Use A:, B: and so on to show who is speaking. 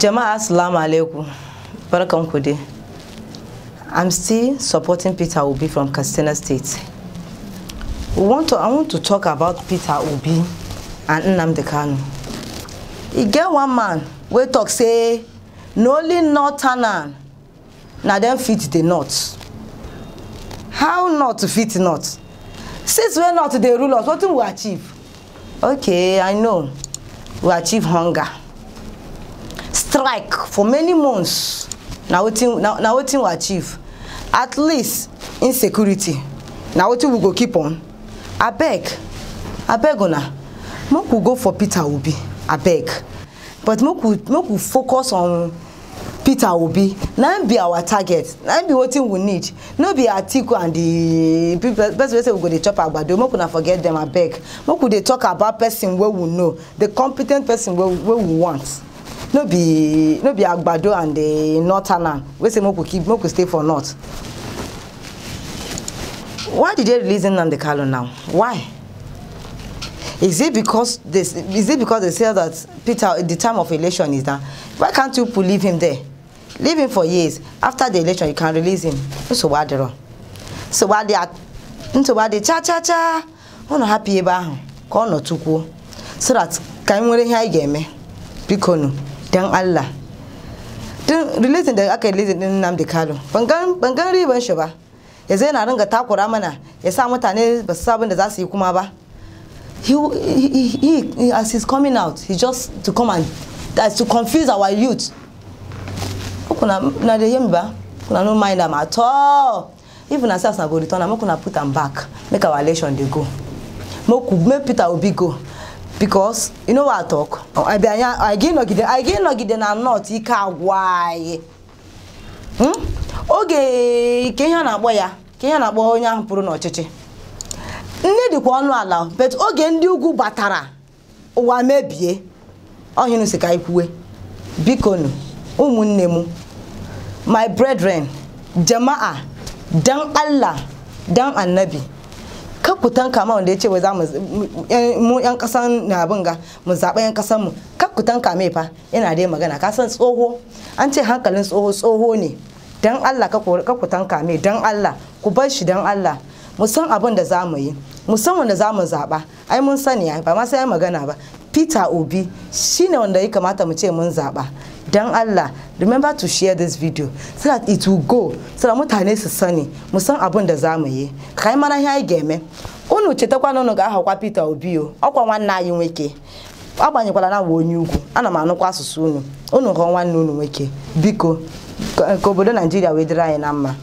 A: Jama'a assalamu alaikum. Barkan ku dai. I'm still supporting Peter Obi from Katsina State. We want to I want to talk about Peter Obi and Nnamdi Kanu. E get one man wey talk say na only northerners na dem fit the north. How north fit north? Since wey north dey rule us, wetin we achieve? Okay, I know. We achieve hunger strike for many months na wetin na, na wetin we achieve at least insecurity na wetin we go keep on abeg abeg una make we go for peter obi abeg but make we make we focus on peter obi na him be our target na him be wetin we need no be atiku and the people person wey say we go dey chop agbado make una forget dem abeg make we dey talk about person wey we know the compe ten t person wey we want no be no be agbado and the northerner We say make we keep make we stay for north why did they release him the Kanu now why is it because this? is it because they say that Peter the time of election is now why can't you leave him there leave him for years after the election you can release him so why the so why they are so why they cha cha cha I'm unu hapụ ebe ahụ ka ọ nọtụkwuo so that can you nwere ihe anyị ga-eme bikonu don Allah tun rilisin da aka yi rilisin din Nnamdi Kano ban gan riban shi ba ya zai na ringa takura mana ya sa mutane ba su sabon da za su yi kuma ba he, he, he, he as he's coming out he just to come and that's to confuse our youth kuna na dey hear me ba kuna no mind am at all even una as na go return am make put am back make our election dey go make make Peter Obi go because you know what talk ebe oh, na ike agwa anyị hmm? oge ihe na-akpọ ya ka ihe a na-akpọ onye ahụ pụrụ n'ọchịchị nne dịkwa ọnụ ala but oge ndị ugwu batara ụwa mebie ọhịnụ si ka bikonu ụmụnne m my brethren jama'a dan allah dan annabi kutan kama wanda ya ce wai za mu yan kasan na binga mu zaɓa yan kasan mu kak kutan kame fa yana dai magana ka san tsoho an ce hankalin tsoho tsoho ne dan Allah ka kutan kame dan Allah ku bar shi dan Allah mu san abin da za mu yi mu san wanda za mu zaɓa ai mun sani ba ma sai magana ba Peter Obi shine wanda ya kamata mu ce mun zaɓa dan Allah remember to share this video so that it will go so that mutane su sani mu san abin da za mu yi kai mana ya game unu chetakwana unu ga aghọkwa Peter Obio, ọkwa nwanne anyị nwoke agbanyekwala na mgbe onye ugwu ana m anụkwa asụsụ unu unu họọ nwanne unu nwoke biko ka obodo Naijiria wee dịrị anyị na mma